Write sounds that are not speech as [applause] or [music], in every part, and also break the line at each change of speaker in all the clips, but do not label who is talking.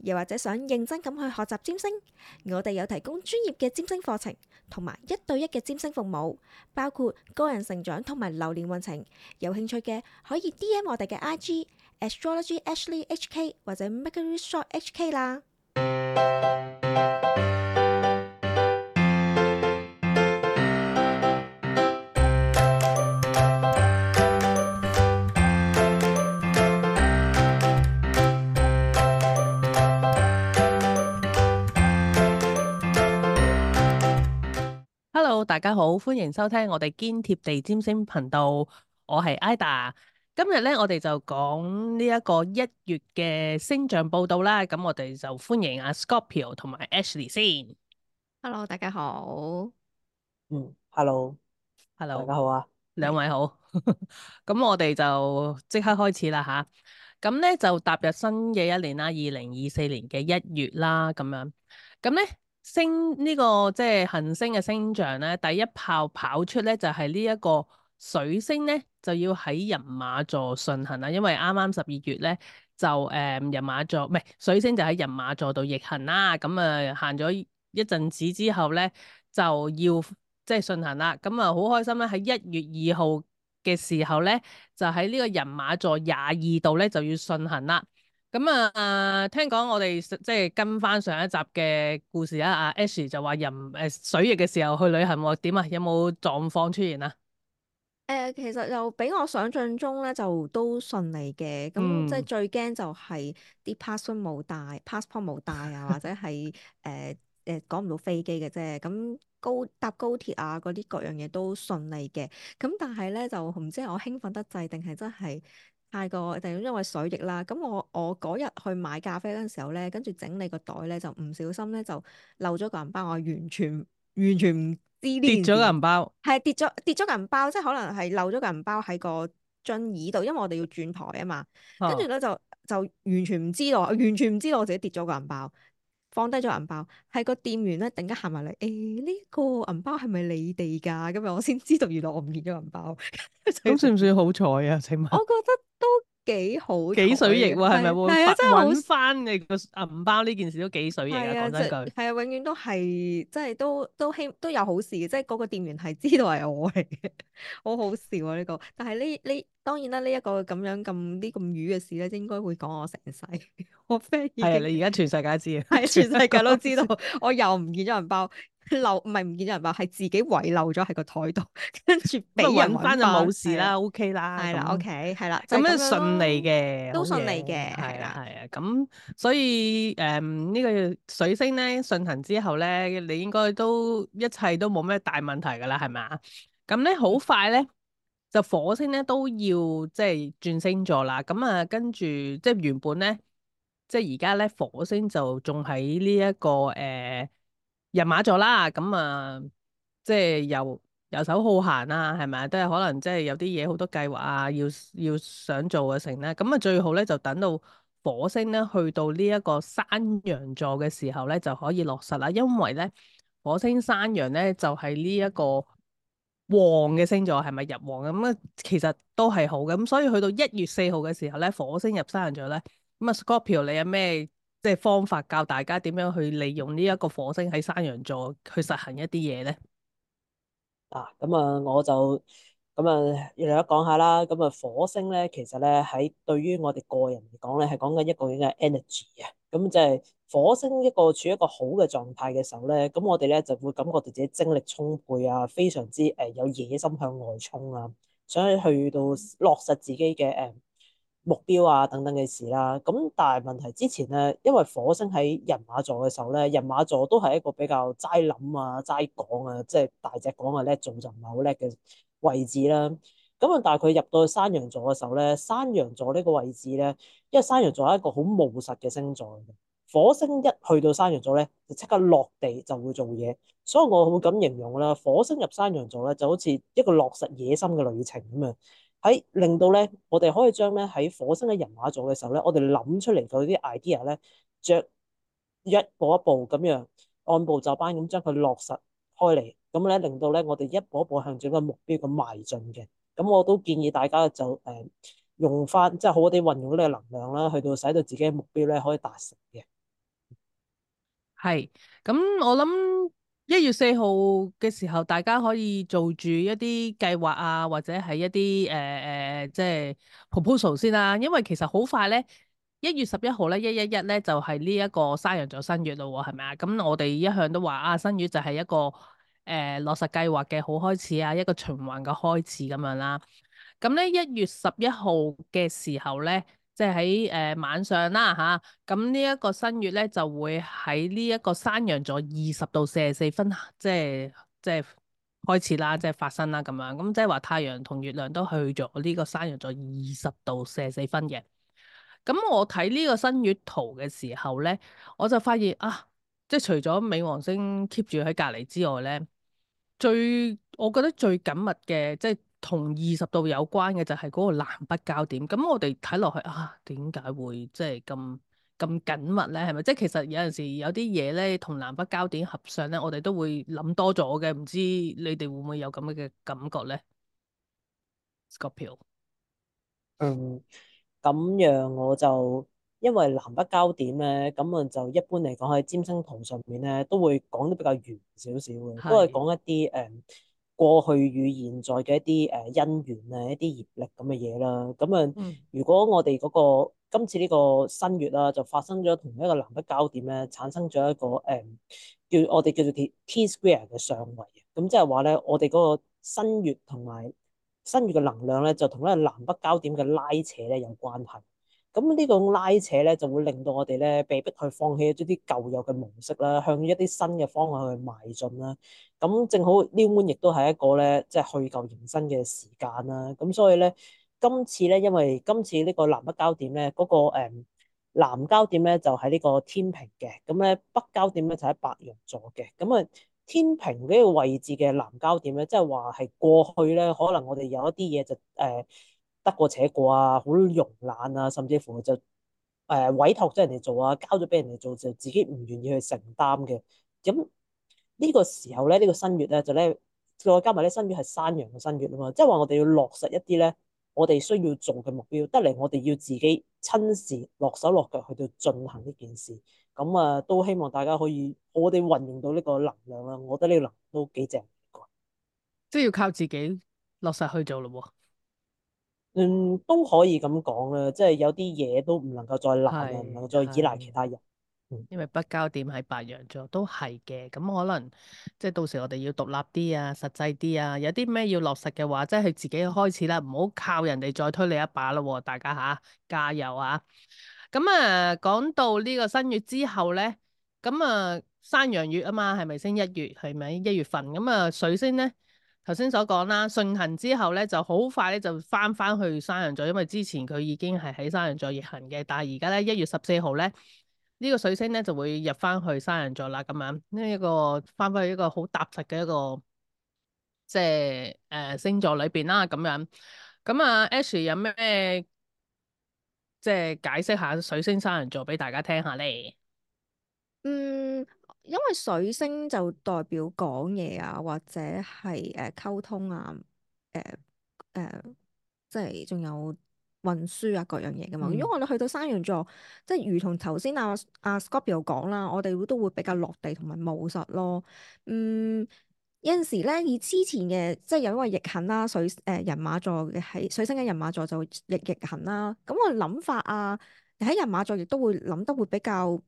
又或者想認真咁去學習占星，我哋有提供專業嘅占星課程，同埋一對一嘅占星服務，包括個人成長同埋流年運程。有興趣嘅可以 DM 我哋嘅 IG Astrology Ashley HK 或者 Mercury Shop HK 啦。
大家好，歡迎收聽我哋堅貼地占星頻道，我係 Ida。今日咧，我哋就講呢一個一月嘅星象報道啦。咁我哋就歡迎阿 Scorpio 同埋 Ashley 先。
Hello，大家好。嗯
，Hello，Hello，大家好啊，兩位好。咁、 [laughs] 嗯、我哋就即刻開始啦吓。咁咧就踏入新嘅一年啦，二零二四年嘅一月啦，咁樣。咁咧。星呢、這個即係行星嘅星象咧，第一炮跑出咧就係呢一個水星咧，就要喺人馬座順行啦。因為啱啱十二月咧就誒、呃、人馬座，唔係水星就喺人馬座度逆行啦。咁、嗯、啊、呃、行咗一陣子之後咧就要即係順行啦。咁啊好開心咧，喺一月二號嘅時候咧就喺呢個人馬座廿二度咧就要順行啦。咁啊，聽講我哋即係跟翻上一集嘅故事啦。阿、啊、Ash 就話人誒水逆嘅時候去旅行或點、哦、啊，有冇狀況出現啊？
誒、呃，其實又比我想象中咧，就都順利嘅。咁即係最驚就係啲 passport 冇帶，passport 冇帶啊，或者係誒誒，趕唔、 [laughs] 呃、到飛機嘅啫。咁高搭高鐵啊，嗰啲各樣嘢都順利嘅。咁但係咧，就唔知係我興奮得滯定係真係。太過，就係因為水逆啦。咁我我嗰日去買咖啡嗰陣時候咧，跟住整理個袋咧，就唔小心咧就漏咗個銀包。我完全完全唔知跌咗個銀包，係跌咗跌咗個銀包，即係可能係漏咗個銀包喺個樽耳度，因為我哋要轉枱啊嘛。跟住咧就就完全唔知道，完全唔知道，我，道我自己跌咗個銀包。放低咗銀包，係個店員咧，突然間行埋嚟，誒，呢個銀包係咪你哋㗎？咁樣我先知道原來我唔見咗銀包。咁 [laughs] 算唔
算好彩啊？請問 [laughs] 我覺得
都。幾好幾水逆喎，係咪是會係啊？真係揾翻
你個銀包呢件事都幾水逆啊！講真的句，
係啊，永遠都係即係都都希都，都有好事嘅，即係嗰個店員係知道係我嚟嘅，好 [laughs] 好笑啊！呢、呢個，但係呢呢當然啦，呢、呢、一個咁樣咁啲咁瘀嘅事咧，應該會講我成世，的我 friend 係你而家全世界知啊，係全世界都知道，知道我又唔見咗銀包。漏唔係唔見人吧？係自己遺漏咗喺個台度， [laughs] 跟住俾人揾翻 [laughs] 就冇事啦。O K 啦，係啦，O K 係啦，咁的樣順的利嘅，都順利嘅，係啦，係啊。咁的
的所以誒呢、嗯這個水星咧順行之後咧，你應該都一切都冇咩大問題噶啦，係咪？咁咧好快咧就火星咧都要即係轉星座啦。咁啊，跟住即係原本咧，即係而家咧火星就仲喺呢一個誒。呃.人馬座啦，咁啊，即係游遊手好閒啊，係咪？都係可能即係有啲嘢好多計劃啊，要要想做嘅成咧，咁啊最好咧就等到火星咧去到呢一個山羊座嘅時候咧就可以落實啦，因為咧火星山羊咧就係呢一個旺嘅星座，係咪入旺？咁啊其實都係好嘅，咁所以去到一月四號嘅時候咧，火星入山羊座咧，咁啊 Scorpio 你有咩？即係方法教大家點樣去利用呢一個火星喺山羊座去實行一
啲嘢咧。嗱，咁啊，我就咁啊，嚟一講下啦。咁啊，火星咧，其實咧喺對於我哋個人嚟講咧，係講緊一個嘅 energy 啊。咁即係火星一個處於一個好嘅狀態嘅時候咧，咁我哋咧就會感覺到自己精力充沛啊，非常之誒有野心向外衝啊，想去到落實自己嘅誒。目標啊，等等嘅事啦。咁但係問題之前咧，因為火星喺人馬座嘅時候咧，人馬座都係一個比較齋諗啊、齋講啊，即係大隻講啊叻做就唔係好叻嘅位置啦。咁啊，但係佢入到山羊座嘅時候咧，山羊座呢個位置咧，因為山羊座係一個好務實嘅星座嘅，火星一去到山羊座咧，就即刻落地就會做嘢。所以我會咁形容啦，火星入山羊座咧，就好似一個落實野心嘅旅程咁樣。喺令到咧，我哋可以將咧喺火星嘅人馬座嘅時候咧，我哋諗出嚟嗰啲 idea 咧，著一步一步咁樣按部就班咁將佢落實開嚟，咁咧令到咧我哋一步一步向住個目標咁邁進嘅。咁我都建議大家就誒、呃、用翻，即係好啲運用呢個能量啦，去到使到自己嘅目標咧可以達成嘅。係，咁我諗。一月四
號嘅時候，大家可以做住一啲計劃啊，或者係一啲誒誒，即係 proposal 先啦、啊。因為其實好快咧，一月十一號咧，一一一咧就係呢一個山羊座新月咯、哦，係咪啊？咁我哋一向都話啊，新月就係一個誒、呃、落實計劃嘅好開始啊，一個循環嘅開始咁樣啦、啊。咁咧一月十一號嘅時候咧。即係喺誒晚上啦吓，咁呢一個新月咧就會喺呢一個山羊座二十度四十四分，即係即係開始啦，即係發生啦咁樣。咁即係話太陽同月亮都去咗呢、這個山羊座二十度四十四分嘅。咁我睇呢個新月圖嘅時候咧，我就發現啊，即係除咗冥王星 keep 住喺隔離之外咧，最我覺得最緊密嘅即係。同二十度有關嘅就係嗰個南北交點。咁我哋睇落去啊，點解會即係咁咁緊密咧？係咪即係其實有陣時有啲嘢咧，同南北交點合上咧，我哋都會諗多咗嘅。唔知你哋會唔會有咁嘅感覺咧？Scorpio。嗯，
咁樣我就因為南北交點咧，咁樣就一般嚟講喺占星圖上面咧，都會講得比較圓少少嘅，都係講一啲誒。過去與現在嘅一啲誒恩怨啊，一啲業力咁嘅嘢啦，咁啊，如果我哋嗰、那個今次呢個新月啦、啊，就發生咗同一個南北交點咧，產生咗一個誒、嗯，叫我哋叫做 T-square 嘅相位嘅，咁即係話咧，我哋嗰個新月同埋新月嘅能量咧，就同一個南北交點嘅拉扯咧有關係。咁呢種拉扯咧，就會令到我哋咧被迫去放棄咗啲啲舊有嘅模式啦，向一啲新嘅方向去邁進啦。咁正好 New Moon 亦都係一個咧，即係去舊迎新嘅時間啦。咁所以咧，今次咧，因為今次呢個南北交點咧，嗰、那個、嗯、南交點咧就喺、是、呢個天秤嘅，咁咧北交點咧就喺、是、白羊座嘅。咁啊，天秤呢個位置嘅南交點咧，即係話係過去咧，可能我哋有一啲嘢就誒。嗯得過且過啊，好容懶啊，甚至乎就誒委託咗人哋做啊，交咗俾人哋做就自己唔願意去承擔嘅。咁呢個時候咧，呢個新月咧就咧再加埋呢新月係山羊嘅新月啊嘛，即係話我哋要落實一啲咧，我哋需要做嘅目標。得嚟我哋要自己親自落手落腳去到進行呢件事。咁啊，都希望大家可以我哋運用到呢個能量啊。我覺得呢個能量都幾正，即係要靠自己落實去做咯喎。嗯，都可以咁講啦，即係有啲嘢都唔能夠再賴唔是能夠再依賴其
他人。的嗯、因為北交點喺白羊座，都係嘅。咁可能即係到時我哋要獨立啲啊，實際啲啊。有啲咩要落實嘅話，即係自己去開始啦，唔好靠人哋再推你一把咯、啊。大家吓、啊，加油啊！咁啊，講到呢個新月之後咧，咁啊山羊月啊嘛，係咪先一月係咪一,一月份？咁啊水星咧。頭先所講啦，順行之後咧，就好快咧就返返去山羊座，因為之前佢已經係喺山羊座逆行嘅，但係而家咧一月十四號咧呢、呢個水星咧就會入返去山羊座啦。咁樣呢一個返返去一個好踏實嘅一個即係誒星座裏邊啦。咁樣咁啊 Ash 有咩咩？即、就、係、係、解釋下水星山羊座俾大家聽下咧？
嗯。因為水星就代表講嘢啊，或者係誒溝通啊，誒、呃、誒、呃，即係仲有運輸啊各樣嘢噶嘛。如果、嗯、我哋去到山羊座，即係如同頭先阿阿 Scorpio 講啦，我哋都都會比較落地同埋務實咯。嗯，有陣時咧，以之前嘅即係因為逆行啦，水誒、呃、人馬座嘅喺水星嘅人馬座就會逆逆行啦。咁我諗法啊，喺人馬座亦都會諗得會比較。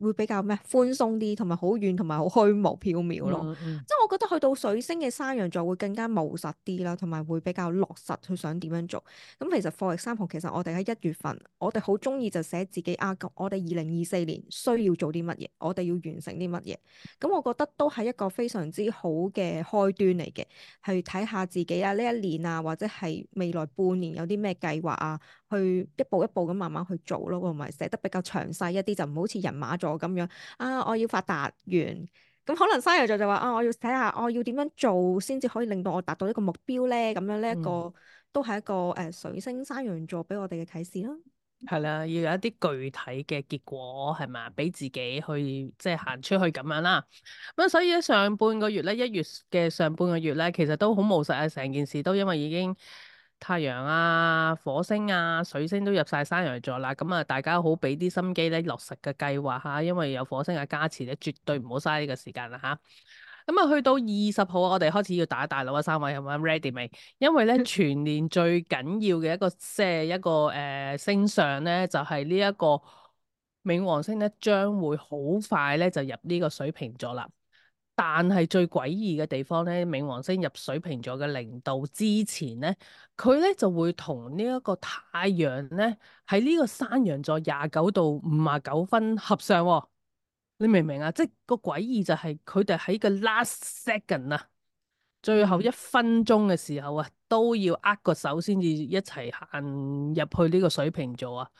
會比較咩寬鬆啲，同埋好遠，同埋好虛無縹緲咯。嗯嗯我覺得去到水星嘅山羊座會更加務實啲啦，同埋會比較落實佢想點樣做。咁其實《霍力三號》其實我哋喺一月份，我哋，啊、好中意就寫自己啊，我哋二零二四年需要做啲乜嘢，我哋要完成啲乜嘢。咁我覺得都係一個非常之好嘅開端嚟嘅，去睇下自己啊呢一年啊，或者係未來半年有啲咩計劃啊，去一步一步咁慢慢去做咯，同埋寫得比較詳細一啲，就唔好似人馬座咁樣啊，我要發達完。咁可能山羊座就話啊，我要睇下我要點樣做先至可以令到我達到呢個目標咧？咁樣呢一個都係一個誒水星山羊座俾我哋嘅啟示啦。
係啦、嗯，要有一啲具體嘅結果係咪？俾自己去即係行出去咁樣啦。咁所以咧，上半個月咧，一月嘅上半個月咧，其實都好務實啊，成件事都因為已經。太陽啊、火星啊、水星都入晒山羊座啦，咁啊，大家好俾啲心機咧落實嘅計劃吓，因為有火星嘅加持咧，絕對唔好嘥呢個時間啦吓。咁啊、嗯，去到二十號，我哋開始要打，打大佬啊，三位有冇 ready 未？因為咧全年最緊要嘅一個即係一個誒、呃、星象咧，就係呢一個冥王星咧，將會好快咧就入呢個水瓶座啦。但係最詭異嘅地方咧，冥王星入水瓶座嘅零度之前咧，佢咧就會同呢一個太陽咧喺呢個山羊座廿九度五十九分合上，哦。你明唔明啊？即係，嗰個詭異就係佢哋喺個 last second 啊，最後一分鐘嘅時候啊，都要握個手先至一齊行入去呢個水瓶座啊！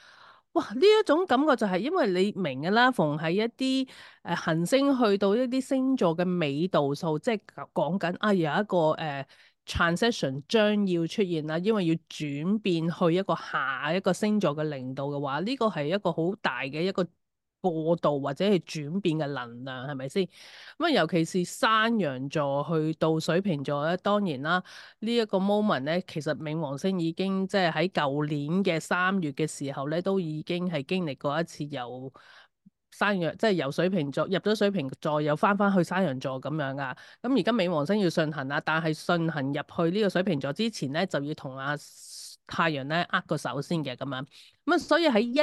哇！呢一種感覺就係因為你明噶啦，逢喺一啲誒行星去到一啲星座嘅尾度數，即係講緊哎呀有一個誒 transition 將要出現啦，因為要轉變去一個下一個星座嘅零度嘅話，呢個係一個好大嘅一個。過度或者係轉變嘅能量係咪先咁啊？尤其是山羊座去到水瓶座咧，當然啦，呢一個 moment 咧，其實冥王星已經即係喺舊年嘅三月嘅時候咧，都已經係經歷過一次由山羊即係由水瓶座入咗水瓶座，又翻翻去山羊座咁樣噶。咁而家冥王星要順行啦，但係順行入去呢個水瓶座之前咧，就要同阿太陽咧握個手先嘅咁樣咁啊，所以喺一月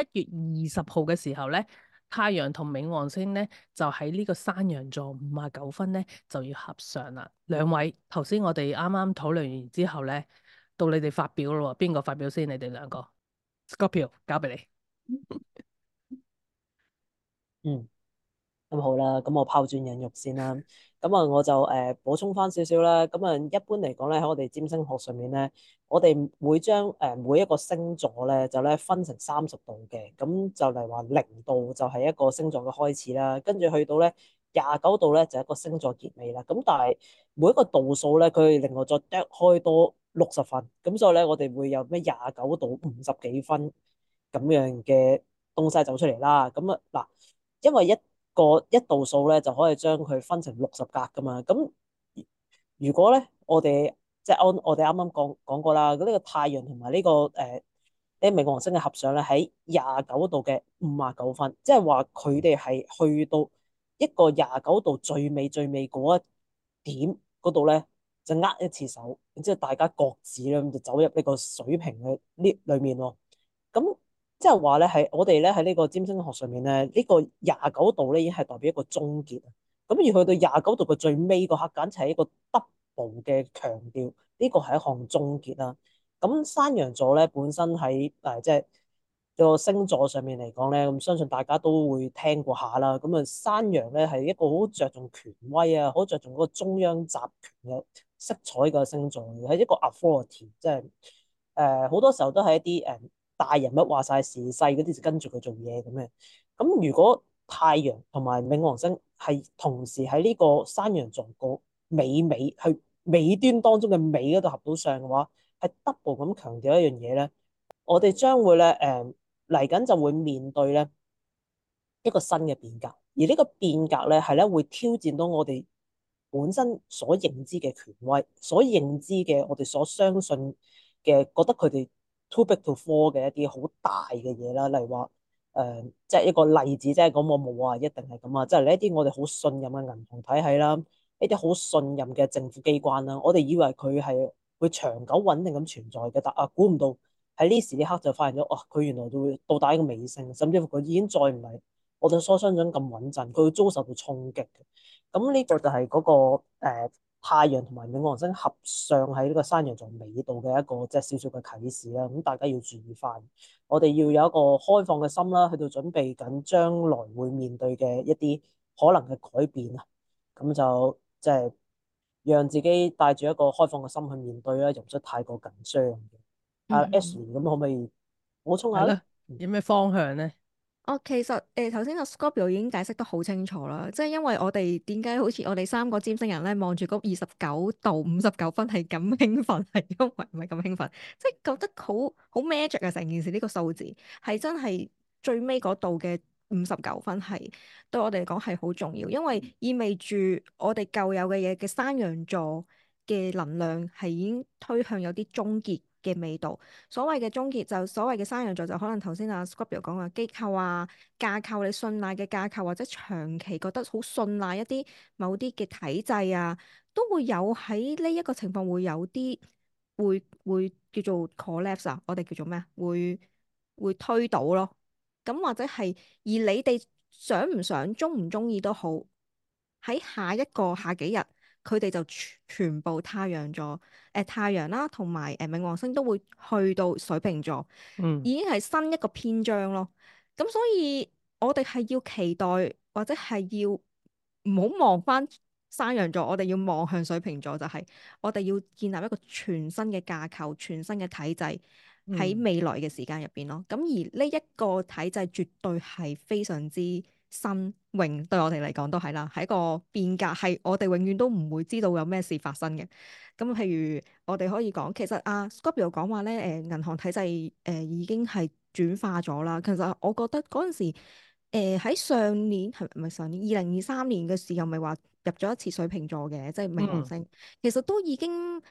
二十號嘅時候咧。太陽同冥王星咧，就喺呢個山羊座五啊九分咧，就要合上啦。兩位，頭先我哋啱啱討論完之後咧，到你哋發表咯喎，邊個發表先？你哋兩個 s c o t t 交俾你。
嗯，咁好啦，咁我拋磚引肉先啦。咁啊，我就誒、呃、補充翻少少啦。咁啊，一般嚟講咧，喺我哋占星學上面咧，我哋會將誒、呃、每一個星座咧就咧分成三十度嘅。咁就嚟話零度就係一個星座嘅開始啦，跟住去到咧廿九度咧就係一個星座結尾啦。咁但係每一個度數咧，佢另外再 divide 開多六十分。咁所以咧，我哋會有咩廿九度五十幾分咁樣嘅東西走出嚟啦。咁啊，嗱，因為一個一度數咧就可以將佢分成六十格噶嘛。咁如果咧，我哋即係按我哋啱啱講講過啦，呢、這個太陽同埋呢個誒 A、呃這個、冥王星嘅合相咧，喺廿九度嘅五十九分，即係話佢哋係去到一個廿九度最尾最尾嗰一點嗰度咧，就握一次手，然之後大家各自咧就走入呢個水瓶嘅列裡面喎。咁即係話咧，喺我哋咧喺呢個占星學上面咧，呢個廿九度咧已經係代表一個終結啊！咁而去到廿九度嘅最尾個刻，簡直係一個 double 嘅強調，呢個係一項終結啦。咁山羊座咧本身喺誒即係個星座上面嚟講咧，咁相信大家都會聽過下啦。咁啊，山羊咧係一個好着重權威啊，好着重嗰個中央集權嘅色彩嘅星座，係一個 authority，即係誒好多時候都係一啲誒。呃大人物話晒時勢嗰啲，就跟住佢做嘢咁樣。咁如果太陽同埋冥王星係同時喺呢個山羊座個尾尾去尾端當中嘅尾嗰度合到上嘅話，係 double 咁強調一樣嘢咧。我哋將會咧，誒嚟緊就會面對咧一個新嘅變革。而呢個變革咧係咧會挑戰到我哋本身所認知嘅權威，所認知嘅我哋所相信嘅覺得佢哋。too big to fall 嘅一啲好大嘅嘢啦，例如話誒、呃，即係一個例子啫。咁我冇話一定係咁啊，即係呢一啲我哋好信任嘅銀行體係啦，一啲好信任嘅政府機關啦，我哋以為佢係會長久穩定咁存在嘅，但啊估唔到喺呢時一刻就發現咗，啊佢原來都會到達一個尾聲，甚至乎佢已經再唔係我哋所相信咁穩陣，佢會遭受到衝擊嘅。咁呢個就係嗰、那個、呃太陽同埋冥王星合相喺呢個山羊座尾度嘅一個即係少少嘅啟示啦，咁大家要注意返，我哋要有一個開放嘅心啦，喺度準備緊將來會面對嘅一啲可能嘅改變啊，咁就即係讓自己帶住一個開放嘅心去面對啦，又唔使太過緊張。阿 S 咁、嗯 uh, 可唔可以補充下呢？有咩方向咧？
哦，oh, 其實誒，頭先阿 Scorpio 已經解釋得好清楚啦，即係因為我哋點解好似我哋三個占星人咧望住嗰二十九度五十九分係咁興奮，係因為唔係咁興奮，即係覺得好好 magic 啊成件事呢、這個數字係真係最尾嗰度嘅五十九分係對我哋嚟講係好重要，因為意味住我哋舊有嘅嘢嘅山羊座嘅能量係已經推向有啲終結。嘅味道，所謂嘅終結就所謂嘅三樣在，就可能頭先阿 Scorpio 講話機構啊，架構，你信賴嘅架構或者長期覺得好信賴一啲某啲嘅體制啊，都會有喺呢一個情況會有啲會會叫做 collapse 啊，我哋叫做咩啊？會會推倒咯。咁或者係而你哋想唔想鍾唔鍾意都好，喺下一個下幾日。佢哋就全部太陽座，誒、呃、太陽啦，同埋誒冥王星都會去到水瓶座，嗯、已經係新一個篇章咯。咁所以我哋係要期待，或者係要唔好望翻山羊座，我哋要望向水瓶座，就係我哋要建立一個全新嘅架構、全新嘅體制喺未來嘅時間入邊咯。咁、嗯、而呢一個體制絕對係非常之～新穎對我哋嚟講都係啦，係一個變革係，係我哋永遠都唔會知道有咩事發生嘅。咁譬如我哋可以講，其實阿、啊、Scorpio 講話咧，誒銀行體制誒、呃、已經係轉化咗啦。其實我覺得嗰陣時喺、呃、上年係咪上年二零二三年嘅時候咪話入咗一次水瓶座嘅，即係冥王星。嗯、其實都已經誒、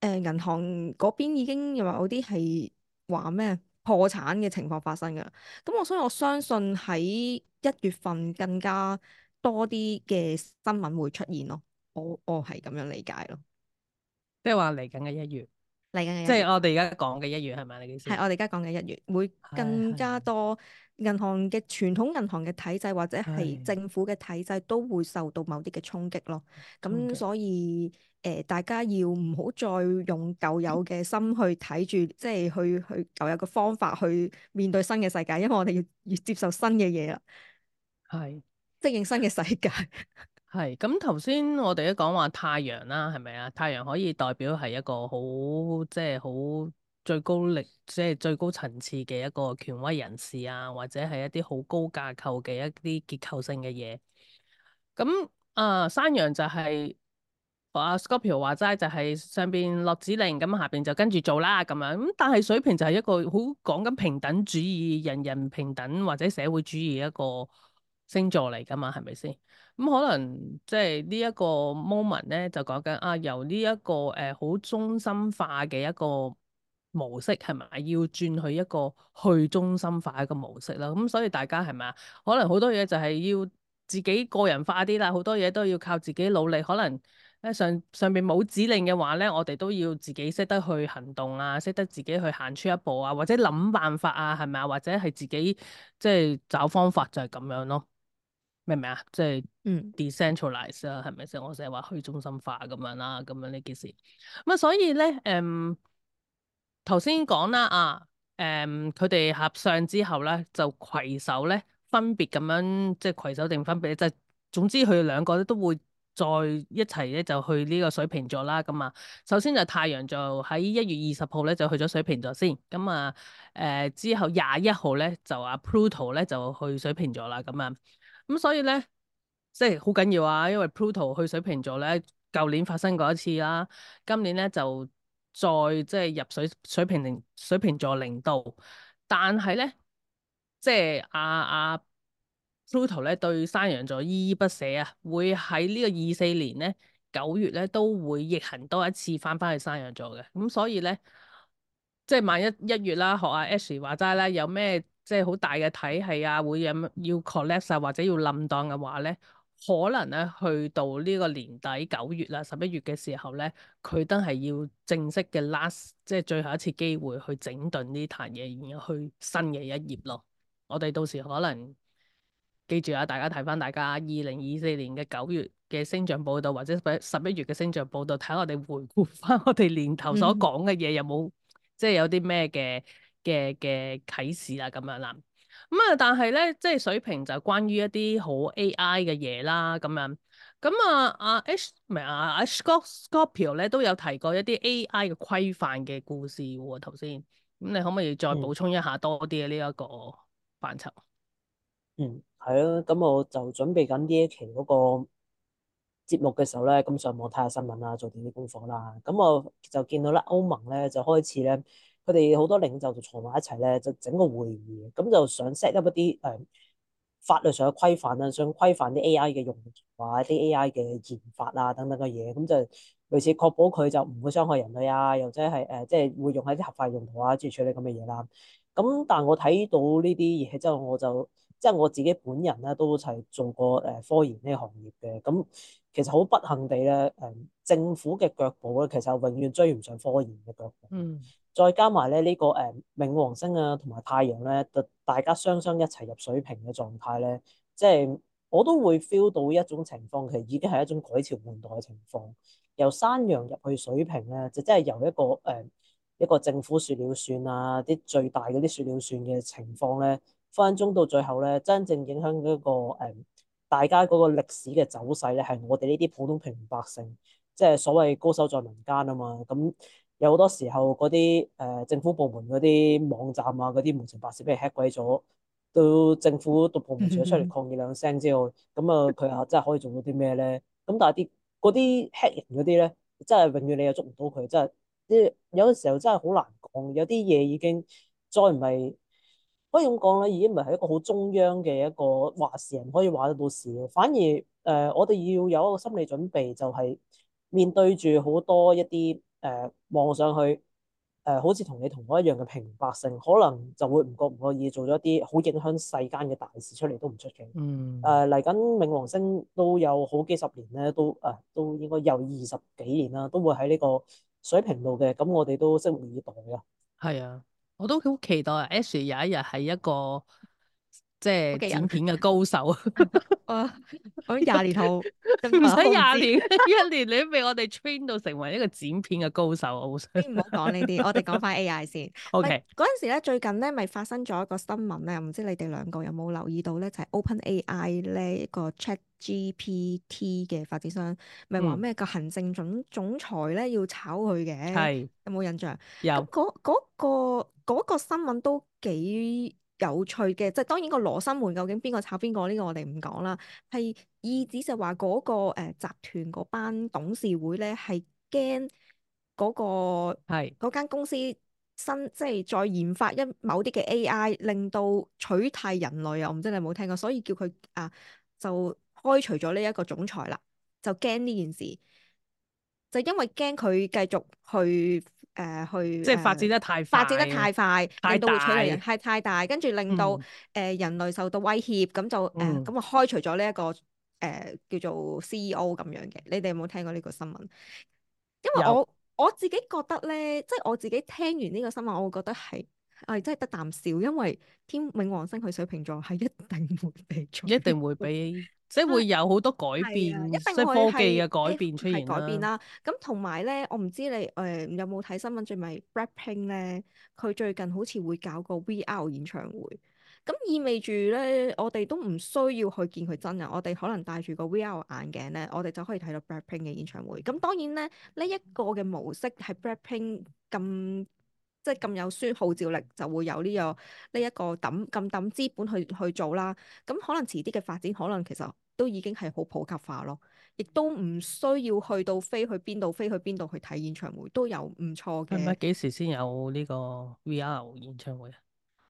呃、銀行嗰邊已經又話有啲係話咩破產嘅情況發生噶。咁我所以我相信喺一月份更加多啲嘅新聞會出現咯。我我係咁樣理解咯，
即係話嚟緊嘅一月嚟
緊嘅一月，即係我哋而家
講嘅一月係咪？你幾時係我哋而家
講嘅一月，會更加多銀行嘅傳統銀行嘅體制或者係政府嘅體制都會受到某啲嘅衝擊咯。咁所以誒、呃，大家要唔好再用舊有嘅心去睇住，即、就、係、是、去去舊有嘅方法去面對新嘅世界，因為我哋要要接受新嘅嘢啦。係適是應新嘅世界，係咁頭
先我哋一講話太陽啦、啊，係咪啊？太陽可以代表係一個好即係好最高力，即係最高層次嘅一個權威人士啊，或者係一啲好高架構嘅一啲結構性嘅嘢。咁啊、呃，山羊就係、是、話 Scorpio 話齋就係上邊落指令，咁下邊就跟住做啦咁樣。咁但係水瓶就係一個好講緊平等主義，人人平等或者社會主義一個。星座嚟噶嘛，係咪先咁？可能即係、這個、呢一個 moment 咧，就講緊啊，由呢、這、一個誒好、呃、中心化嘅一個模式係咪要轉去一個去中心化嘅模式啦？咁、嗯、所以大家係咪啊？可能好多嘢就係要自己個人化啲啦，好多嘢都要靠自己努力。可能喺上上面冇指令嘅話咧，我哋都要自己識得去行動啊，識得自己去行出一步啊，或者諗辦法啊，係咪啊？或者係自己即係找方法，就係咁樣咯。明唔明啊？即、就、係、是、decentralize 啦、嗯，係咪先？我成日話去中心化咁樣啦，咁樣呢件事。咁、嗯、啊，所以咧，誒，頭先講啦啊，誒，佢哋合相之後咧，就携手咧，分別咁樣，即係携手定分別咧，就是、總之佢哋兩個咧都會再一齊咧，就去呢個水瓶座啦。咁、嗯、啊，首先就太陽就喺一月二十號咧就去咗水瓶座先。咁、嗯、啊、誒、嗯、之後廿一號咧就阿 Pluto 咧就去水瓶座啦。咁、嗯、啊。嗯咁所以咧，即係好緊要啊！因為 Pluto 去水瓶座咧，舊年發生過一次啦、啊，今年咧就再即係入水水瓶零水瓶座零度，但係咧即係啊啊 Pluto 咧對山羊座依依不捨啊，會喺呢個二四年咧九月咧都會逆行多一次返返去山羊座嘅。咁所以咧，即係萬一一月啦，學阿 Ashley 話齋啦，有咩？即係好大嘅體系啊，會有要 collapse 啊，或者要冧檔嘅話咧，可能咧去到呢個年底九月啦、十一月嘅時候咧，佢都係要正式嘅 last，即係最後一次機會去整頓呢壇嘢，然後去新嘅一頁咯。我哋到時可能記住啊，大家睇翻大家二零二四年嘅九月嘅星象報導，或者十一月嘅星象報導，睇下我哋回顧翻我哋年頭所講嘅嘢，嗯、有冇即係有啲咩嘅？嘅嘅啟示啦，咁樣啦，咁啊，但係咧，即係水平就關於一啲好 A.I. 嘅嘢啦，咁樣，咁啊，阿 s 唔係啊，阿 Scorpio 咧都有提過一啲 A.I. 嘅規範嘅故事喎。頭先咁，你可唔可以再補充一下多啲嘅呢一個範疇？
嗯，係咯，咁我就準備緊呢一期嗰個節目嘅時候咧，咁上網睇下新聞啦，做啲啲功課啦，咁我就見到啦，歐盟咧就開始咧。佢哋好多領袖就坐埋一齊咧，就整個會議咁就想 set up 一啲誒、呃、法律上嘅規範啦，想規範啲 A I 嘅用法一啲 A I 嘅研發啊等等嘅嘢，咁就類似確保佢就唔會傷害人類啊，又、呃、或者係誒即係會用喺啲合法用途啊，即係處理咁嘅嘢啦。咁但係我睇到呢啲嘢之後，就是、我就即係、就是、我自己本人咧都一齊做過誒科研呢個行業嘅。咁其實好不幸地咧，誒、呃、政府嘅腳步咧，其實永遠追唔上科研嘅腳步。嗯。再加埋咧呢個誒冥王星啊，同埋太陽咧，就大家雙雙一齊入水瓶嘅狀態咧，即係我都會 feel 到一種情況，其實已經係一種改朝換代嘅情況，由山羊入去水瓶咧，就即係由一個誒、呃、一個政府説了算啊，啲最大嗰啲説了算嘅情況咧，分分鐘到最後咧，真正影響嗰個、呃、大家嗰個歷史嘅走勢咧，係我哋呢啲普通平民百姓，即係所謂高手在民間啊嘛，咁。有好多時候，嗰啲誒政府部門嗰啲網站啊，嗰啲無情白事俾人 hack 鬼咗，到政府部部門除咗出嚟抗議兩聲之後，咁啊佢啊真係可以做到啲咩咧？咁但係啲嗰啲 hack 人嗰啲咧，真係永遠你又捉唔到佢，真係即係有陣時候真係好難講。有啲嘢已經再唔係可以咁講啦，已經唔係係一個好中央嘅一個話事人可以話得到事。反而誒、呃，我哋要有一個心理準備，就係、是、面對住好多一啲。誒、呃，望上去誒、呃，好似同你同我一樣嘅平白性，可能就會唔覺唔覺意做咗一啲好影響世間嘅大事出嚟都唔出奇。嗯。誒、呃，嚟緊冥王星都有好幾十年咧，都誒、呃、都應該有二十幾年啦，都會喺呢個水平度嘅，咁我哋都拭目以待啊。係啊，
我都好期待 Ashley 有一日係一個。即係剪片嘅
高手 okay, [laughs] 咁廿年後唔使廿年，
一年你都俾我哋 train 到成為一個剪片嘅高手。你唔好講呢啲， [laughs] 我哋講翻
AI 先。OK，嗰陣時咧，最近咧，咪發生咗一個新聞咧，唔知你哋兩個有冇留意到咧？就係、是、OpenAI 咧一個 ChatGPT 嘅發展商，咪話咩個行政總、嗯、總裁咧要炒佢嘅，係是有冇印象？有，嗰嗰、那個、那個那個那個新聞都幾。有趣嘅，即係當然個羅生門究竟邊個炒邊個呢個我哋唔講啦，係意指就話嗰個、呃、集團嗰班董事會咧係驚嗰個係間是公司新即係再研發一某啲嘅 AI，令到取替人類啊！我唔知你有冇聽過，所以叫佢啊就開除咗呢一個總裁啦，就驚呢件事，就因為驚佢繼續去。誒、呃、去，呃、即係發展得太發展得太快，發展得太，快太大，太大，大，跟住令到誒、嗯呃、人類受到威脅，咁就誒咁啊開除咗呢一個誒、呃、叫做 CEO 咁樣嘅。你哋有冇聽過呢個新聞？因為我有我自己覺得咧，即、就、係、是、我自己聽完呢個新聞，我會覺得係。誒，即係、哎、得啖笑，因為天冥王星去水瓶座係一定會俾，一定會俾，即係會有好多改變，即科技嘅改變出現、哎、改變啦，咁同埋咧，我唔知你誒、呃、有冇睇新聞？最近 b r a p p i n tBrad Pitt 咧，佢最近好似會搞個 VR 演唱會，咁意味住咧，我哋都唔需要去見佢真人，我哋可能戴住個 VR 眼鏡咧，我哋就可以睇到 Brad Pitt 嘅演唱會。咁當然咧，呢、這、一個嘅模式係 Brad Pitt 咁。即係咁有宣號召力，就會有呢、呢個呢一、呢個抌咁抌資本去去做啦。咁可能遲啲嘅發展，可能其實都已經係好普及化咯，亦都唔需要去到飛去邊度，飛去邊度去睇演唱會，都有唔錯嘅。係咪
幾時先有呢個 VR 演唱會啊？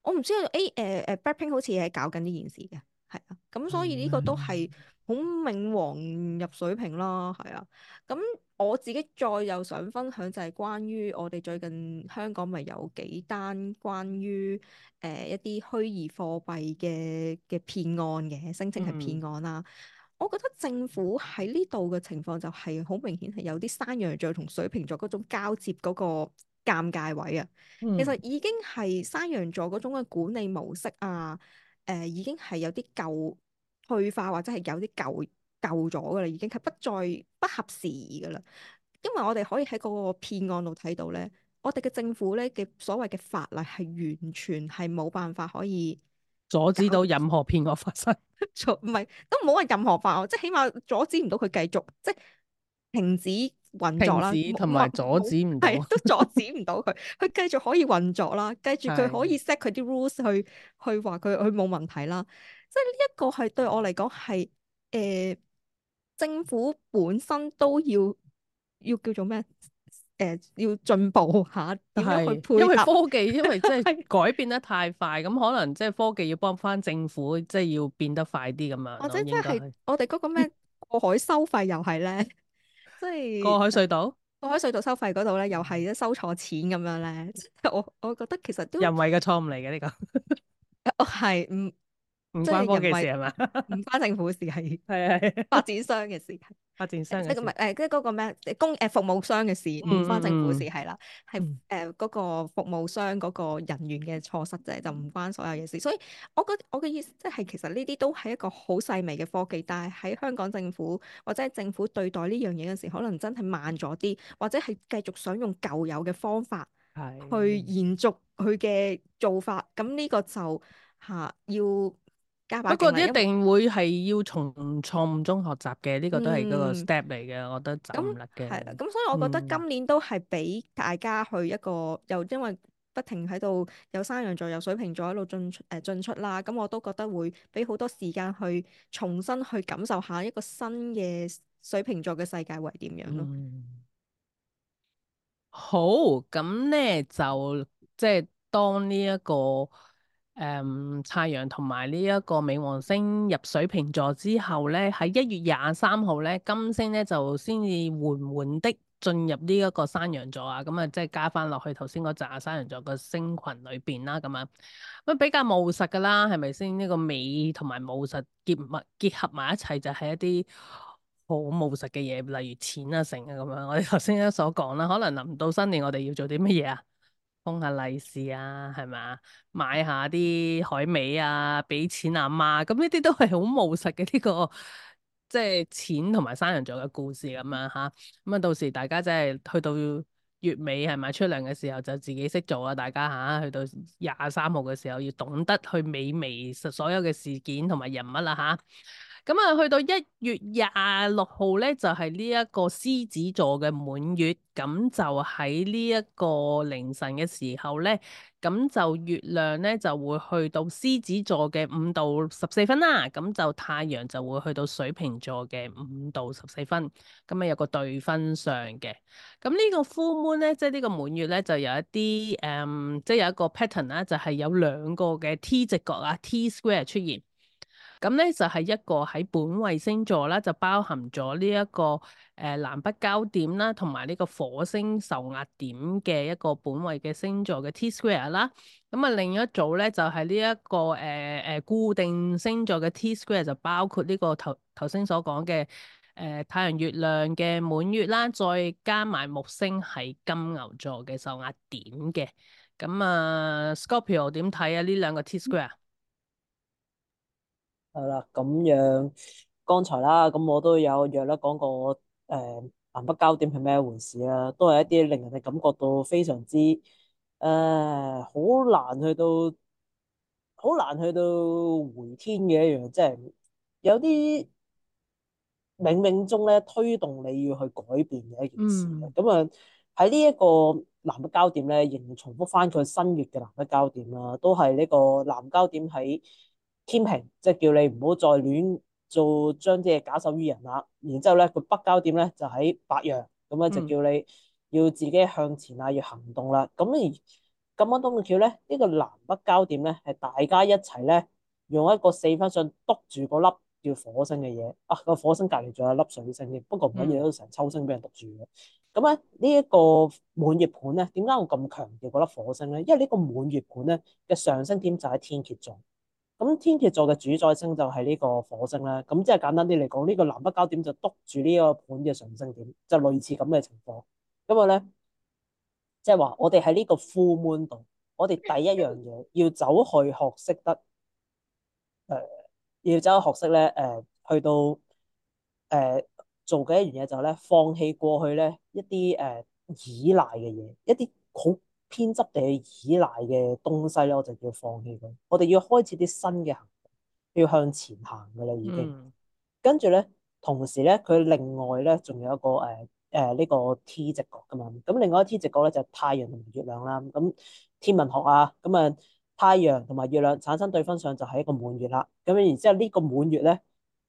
我唔知啊，A 誒、欸、誒、呃、，Blackpink 好似喺搞緊呢件事嘅，係啊，咁所以呢個都係好冥王入水平啦，係啊，咁。我自己再又想分享就係關於我哋最近香港咪有幾單關於誒、呃、一啲虛擬貨幣嘅嘅騙案嘅，聲稱係騙案啦。嗯、我覺得政府喺呢度嘅情況就係好明顯係有啲山羊座同水瓶座嗰種交接嗰個尷尬位啊。
嗯、其實已
經係山羊座嗰種嘅管理模式啊，誒、呃、已經係有啲舊退化或者係有啲舊。舊咗噶啦，已經係不再不合時宜噶啦。因為我哋可以喺嗰個騙案度睇到咧，我哋嘅政府咧嘅所謂嘅法例係完全係冇辦法可以阻止到任何騙案發生。唔係 [laughs] 都唔好話任何法案，即係起碼阻止唔到佢繼續即係停止運作啦，同埋阻止唔到，都阻止唔到佢，佢繼續可以運作啦，繼續佢可以 set 佢啲 rules 去的去話佢佢冇問題啦。即係呢一個係對我嚟講係誒。政府本身都要要叫做咩？誒、呃、要進步下，點、啊、樣去配合？因為科
技， [laughs] 因為即係改變得太快，咁 [laughs] 可能即係科技要幫翻政府，即、就、係、是、要變得快啲咁樣。或者即係
我哋嗰個咩過海收費又係咧，即係 [laughs] 過海隧道。過海隧道收費嗰度咧，又係咧收錯錢咁樣咧。 [laughs] 我我覺得其實都人
為嘅錯誤嚟嘅呢個。
哦，係嗯。唔關科技事係嘛？唔關政府事係，係係發展商嘅事， [laughs] 發展商即係唔係誒，即係嗰個咩公誒服務商嘅事，唔關政府事係啦，係誒嗰個服務商嗰個人員嘅錯失啫，就唔關所有嘢事。所以我覺我嘅意思即係，其實呢啲都係一個好細微嘅科技，但係喺香港政府或者係政府對待呢樣嘢嘅時，可能真係慢咗啲，或者係繼續想用舊有嘅方法去延續佢嘅做法。咁呢個就吓要。嗯不過一定
會係要從錯誤中學習嘅，呢、呢個都係嗰個 step 嚟嘅，嗯、我覺得就。咁係啦，咁、
嗯、所以我覺得今年都係俾大家去一個，又、嗯、因為不停喺度有山羊座、有水瓶座喺度進出誒、呃、進出啦，咁我都覺得會俾好多時間去重新去感受一下一個新嘅水瓶座嘅世界係點樣咯。
好，咁咧就即係當呢、呢、一個。誒，太陽同埋呢一個冥王星入水瓶座之後咧，喺一月廿三號咧，金星咧就先至緩緩的進入呢一個山羊座啊，咁、嗯、啊即係加翻落去頭先嗰陣啊山羊座個星群裏邊、嗯嗯、啦，咁啊，咁比較務實噶啦，係咪先呢個美同埋務實結物結合埋一齊就係一啲好務實嘅嘢，例如錢啊成啊咁樣。我哋頭先一所講啦，可能臨到新年我哋要做啲乜嘢啊？封下利是啊，係咪？買一下啲海味啊，俾錢阿媽，咁呢啲都係好務實嘅呢、這個，即、就、係、是、錢同埋山羊座嘅故事咁啊吓。咁啊，到時大家真係去到月尾係咪出糧嘅時候就自己識做啊？大家吓、啊，去到廿三號嘅時候要懂得去美眉實所有嘅事件同埋人物啦、啊、吓。啊咁啊，去到一月廿六號咧，就係呢一個獅子座嘅滿月，咁就喺呢一個凌晨嘅時候咧，咁就月亮咧就會去到獅子座嘅五度十四分啦，咁就太陽就會去到水瓶座嘅五度十四分，咁啊有個對分相嘅，咁呢個 full moon 咧，即係呢個滿月咧，就有一啲誒，即、嗯、係、就是、有一個 pattern 啦，就係有兩個嘅 T 直角啊，T square 出現。咁咧就係一個喺本位星座啦，就包含咗呢一個誒南北交點啦，同埋呢個火星受壓點嘅一個本位嘅星座嘅 T square 啦。咁啊，另一組咧就係呢一個誒誒、呃、固定星座嘅 T square 就包括呢個頭頭先所講嘅誒太陽月亮嘅滿月啦，再加埋木星喺金牛座嘅受壓點嘅。咁啊，Scorpio 點睇啊？呢兩、啊、個 T square。Squ
係啦，咁樣剛才啦，咁我都有約啦講過，誒、呃、南北交點係咩回事啦、啊，都係一啲令人哋感覺到非常之誒好、呃、難去到，好難去到回天嘅一樣，即、就、係、是、有啲冥冥中咧推動你要去改變嘅一件事嘅、啊。咁啊喺呢一個南北交點咧，仍然重複翻佢新月嘅南北交點啦、啊，都係呢個南交點喺。天平即係叫你唔好再亂做，將啲嘢假手於人啦。然之後咧，個北交點咧就喺白羊，咁咧就叫你要自己向前啦，要行動啦。咁而咁啱多嘅巧咧，呢個南北交點咧係大家一齊咧用一個四分相篤住嗰粒叫火星嘅嘢啊。個火星隔離仲有粒水星添，不過唔緊要，都成抽星俾人篤住嘅。咁咧呢一個滿月盤咧，點解會咁強調嗰粒火星咧？因為呢個滿月盤咧嘅上升點就喺天蠍座。咁天蠍座嘅主宰星就係呢個火星啦。咁即係簡單啲嚟講，呢、呢個南北交點就篤住呢個盤嘅上升點，就類似咁嘅情況。因為咧，即係話我哋喺呢個 full moon 度，我哋第一樣嘢要走去學識得，誒、呃、要走去學識咧，誒、呃、去到誒、呃、做嘅一樣嘢就係咧放棄過去咧一啲誒、呃、依賴嘅嘢，一啲恐偏執地去依賴嘅東西咧，我就要放棄佢。我哋要開始啲新嘅行動，要向前行噶啦，已經。嗯、跟住咧，同時咧，佢另外咧，仲有一個誒誒呢個 T 直角噶嘛。咁另外一 T 直角咧就係太陽同月亮啦。咁天文學啊，咁啊太陽同埋月亮產生對分相就係一個滿月啦。咁然之後呢個滿月咧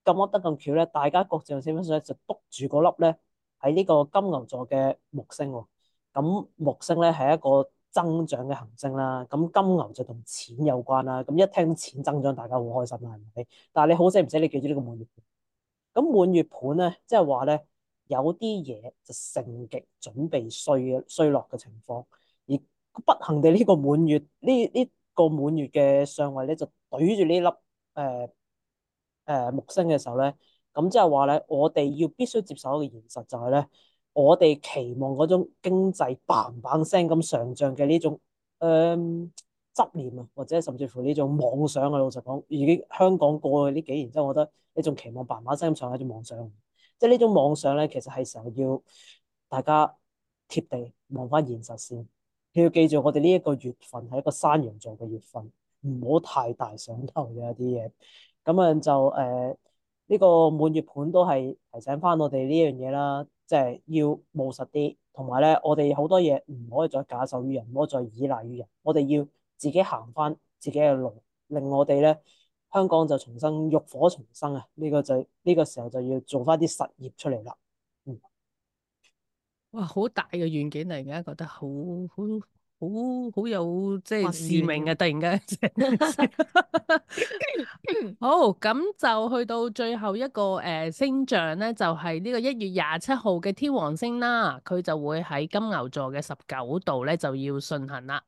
咁啱得咁巧咧，大家各自用四分相就篤住嗰粒咧喺呢個金牛座嘅木星喎。咁木星咧係一個增長嘅行星啦，咁金牛就同錢有關啦。咁一聽錢增長，大家好開心啦，係咪？但係你好使唔使你記住呢個滿月盤？咁滿月盤咧，即係話咧有啲嘢就盛極準備衰衰落嘅情況，而不幸地呢個滿月呢呢、呢個滿月嘅相位咧就對住呢粒誒誒木星嘅時候咧，咁即係話咧我哋要必須接受一個現實就呢，就係咧。我哋期望嗰種經濟砰砰聲咁上漲嘅呢種誒執、呃、念啊，或者甚至乎呢種妄想，老實講，已經香港過去呢幾年之後，我覺得你仲期望砰砰聲咁上係一種妄想。即係呢種妄想咧，其實係時候要大家貼地望翻現實先。你要記住，我哋呢一個月份係一個山羊座嘅月份，唔好太大上頭嘅一啲嘢。咁啊就誒呢、呃這個滿月盤都係提醒翻我哋呢樣嘢啦。即係要務實啲，同埋咧，我哋好多嘢唔可以再假手於人，唔可以再依賴於人，我哋要自己行翻自己嘅路，令我哋咧香港就重生，浴火重生啊！呢個就呢個時候就要做翻啲實業出嚟啦。
嗯，
哇，好大嘅願景嚟嘅，覺得好好。好好有即係哇使命嘅，突然間 [laughs] [laughs] 好，咁就去到最後一個誒、呃、星象咧，就係、是、呢個一月廿七號嘅天王星啦。佢就會喺金牛座嘅十九度咧，就要順行啦。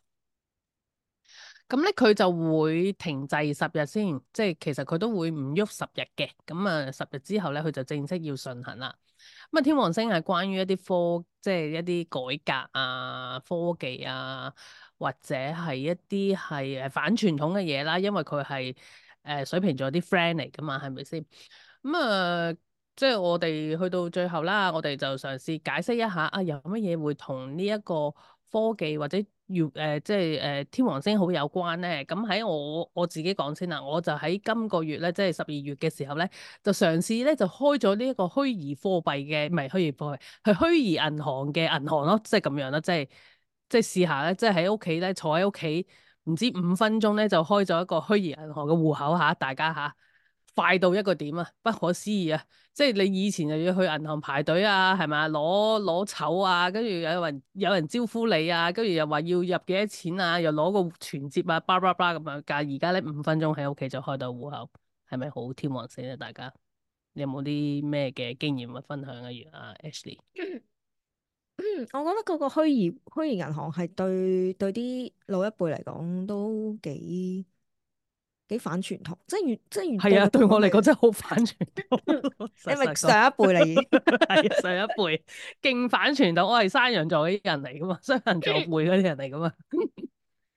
咁咧佢就會停滯十日先，即係其實佢都會唔喐十日嘅。咁啊十日之後咧，佢就正式要順行啦。咁啊天王星係關於一啲科。即係一啲改革啊、科技啊，或者係一啲係反傳統嘅嘢啦，因為佢係誒水瓶座啲 friend 嚟噶嘛，係咪先？咁、嗯、啊、呃，即係我哋去到最後啦，我哋就嘗試解釋一下啊，有乜嘢會同呢一個科技或者？要誒、呃，即係誒、呃、天王星好有關咧。咁喺我我自己講先啦，我就喺今個月咧，即係十二月嘅時候咧，就嘗試咧就開咗呢一個虛擬貨幣嘅，唔係虛擬貨幣，去虛擬銀行嘅銀行咯，即係咁樣咯，即係即係試下咧，即係喺屋企咧坐喺屋企，唔知五分鐘咧就開咗一個虛擬銀行嘅戶口嚇，大家嚇。快到一個點啊！不可思議啊！即係你以前又要去銀行排隊啊，係咪？攞攞籌啊，跟住有人有人招呼你啊，跟住又話要入幾多錢啊，又攞個存折啊，巴拉巴拉咁樣。但係而家咧，五分鐘喺屋企就開到戶口，係咪好天王星咧？大家你有冇啲咩嘅經驗或分享啊？如阿、啊、Ashley，
我覺得嗰個虛擬虛擬銀行係對對啲老一輩嚟講都幾幾反傳統，即係原，即係原係啊！對我嚟講真係好反傳統，
因為 [laughs] 上一輩嚟， [laughs] 啊，上一輩，勁 [laughs] 反傳統。我係山羊座啲人嚟噶嘛，山羊座會嗰啲人嚟噶嘛。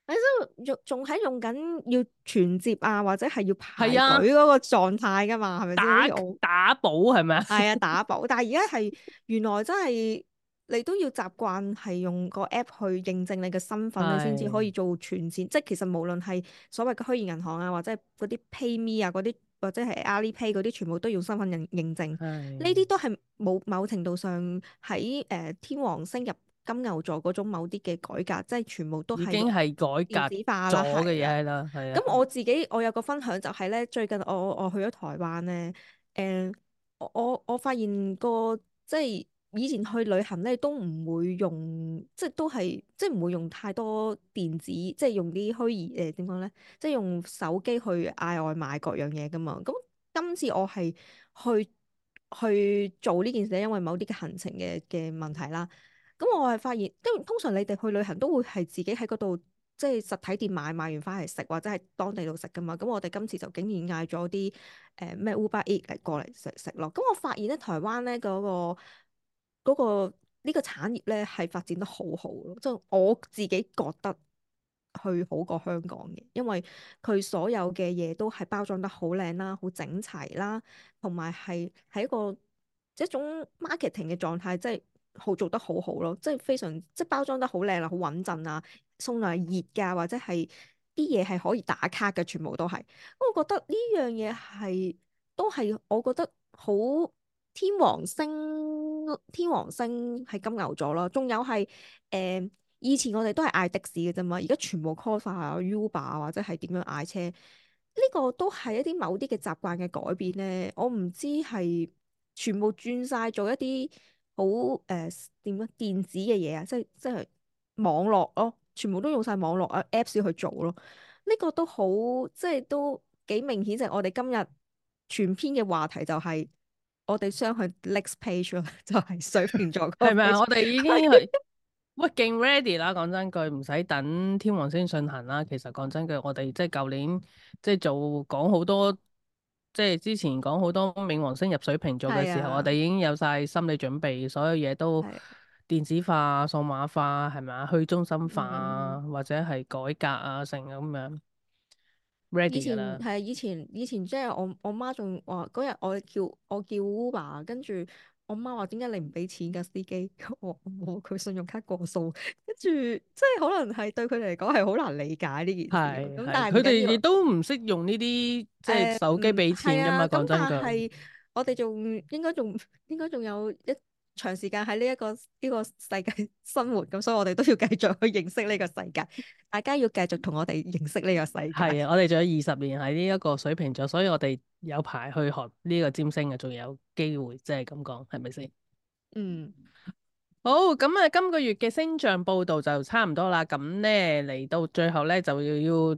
喺度仲喺用緊要傳接啊，或者係要排佢嗰個狀態噶嘛？係咪打打補係咪啊？係啊，啊，打補。但係而家係原來真係。 [laughs] [laughs] 你都要習慣係用個 app 去認證你嘅身份，你先至可以做存錢，的即係其實無論係所謂嘅虛擬銀行啊，或者係嗰啲 PayMe 啊，嗰啲或者係 Alipay 嗰啲，全部都要身份認認證。呢啲的都係冇某程度上喺誒、呃、天王星入金牛座嗰種某啲嘅改革，即係全部都係已經係改革電子化咗嘅嘢啦。係啊，咁我自己我有個分享就係咧，最近我我去咗台灣咧，誒、呃，我我我發現個即係。以前去旅行咧都唔會用，即係都係即係唔會用太多電子，即係用啲虛擬，誒點講咧，即係用手機去嗌外賣各樣嘢噶嘛。咁今次我係去去做呢件事呢，因為某啲嘅行程嘅嘅問題啦。咁我係發現，因通常你哋去旅行都會係自己喺嗰度，即係實體店買買完翻嚟食，或者係當地度食噶嘛。咁我哋今次就竟然嗌咗啲誒咩 Uber Eat 嚟過嚟食食咯。咁我發現咧，台灣咧嗰、那個。嗰個呢個產業咧係發展得好好咯，即係我自己覺得去好過香港嘅，因為佢所有嘅嘢都係包裝得好靚啦，好整齊啦，同埋係係一個一種 marketing 嘅狀態，即係好做得好好咯，即係非常即係包裝得好靚啦，好穩陣啊，送嚟熱㗎，或者係啲嘢係可以打卡嘅，全部都係，我覺得呢樣嘢係都係我覺得好。天王星，天王星係金牛座啦。仲有係誒、呃，以前我哋都係嗌的士嘅啫嘛。而家全部 call 晒 Uber 或者係點樣嗌車，呢、呢個都係一啲某啲嘅習慣嘅改變咧。我唔知係全部轉晒做一啲好誒點樣電子嘅嘢啊，即係即係網絡咯，全部都用晒網絡啊 Apps 去做咯。呢、呢個都好即係都幾明顯，就係我哋今日全篇嘅話題就係、係。我哋想去 next page 就係、是、水瓶座。係咪我哋已經去
喂，勁 ready 啦？講真句，唔使等天王星順行啦。其實講真句，我哋即係舊年即係做講好多，即係之前講好多冥王星入水瓶座嘅時候，啊、我哋已經有晒心理準備，所有嘢都電子化、數碼化，係咪啊？去中心化啊，嗯、或者係改革啊，成咁樣。Ready 以前係
啊了，以前以前即係我我媽仲話嗰日我叫我叫 Uber，跟住我媽話點解你唔俾錢噶司機？我我佢信用卡過數，跟住即係可能係對佢嚟講係好難理解呢件事。咁是，但係佢哋亦
都唔識用呢啲即係手機俾錢噶嘛？講、呃嗯啊、真噶，但係
我哋仲應該仲應該仲有一。長時間喺呢一個呢、這個世界生活，咁所以我哋都要繼續去認識呢個世界。大家要繼續同我哋認識呢個世
界。係啊，我哋仲有二十年喺呢一個水瓶座，所以我哋有排去學呢個占星，嘅，仲有機會，即係咁講，係咪先？嗯，好，咁啊，今個月嘅星象報道就差唔多啦。咁咧嚟到最後咧，就要要。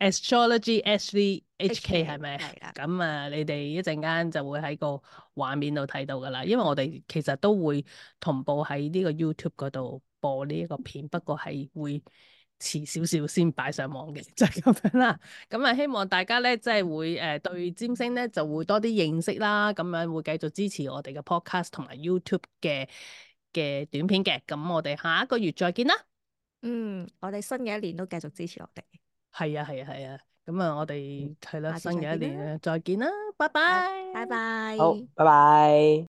Astrology S V H K 係咪？係啊的，咁啊，你哋一陣間就會喺個畫面度睇到噶啦。因為我哋其實都會同步喺呢個 YouTube 度播呢一個片，不過係會遲少少先擺上網嘅，就係、是、咁樣啦。咁 [laughs] 啊，希望大家咧即係會誒、呃、對占星咧就會多啲認識啦。咁樣會繼續支持我哋嘅 Podcast 同埋 YouTube 嘅嘅短片嘅。咁我哋下一個月再見啦。
嗯，我哋新嘅一年都繼續支持我哋。
係啊係啊係啊，咁啊，啊、嗯、我哋係、啊、啦，新嘅一年啊，再見啦，拜拜，拜拜，好，
拜拜。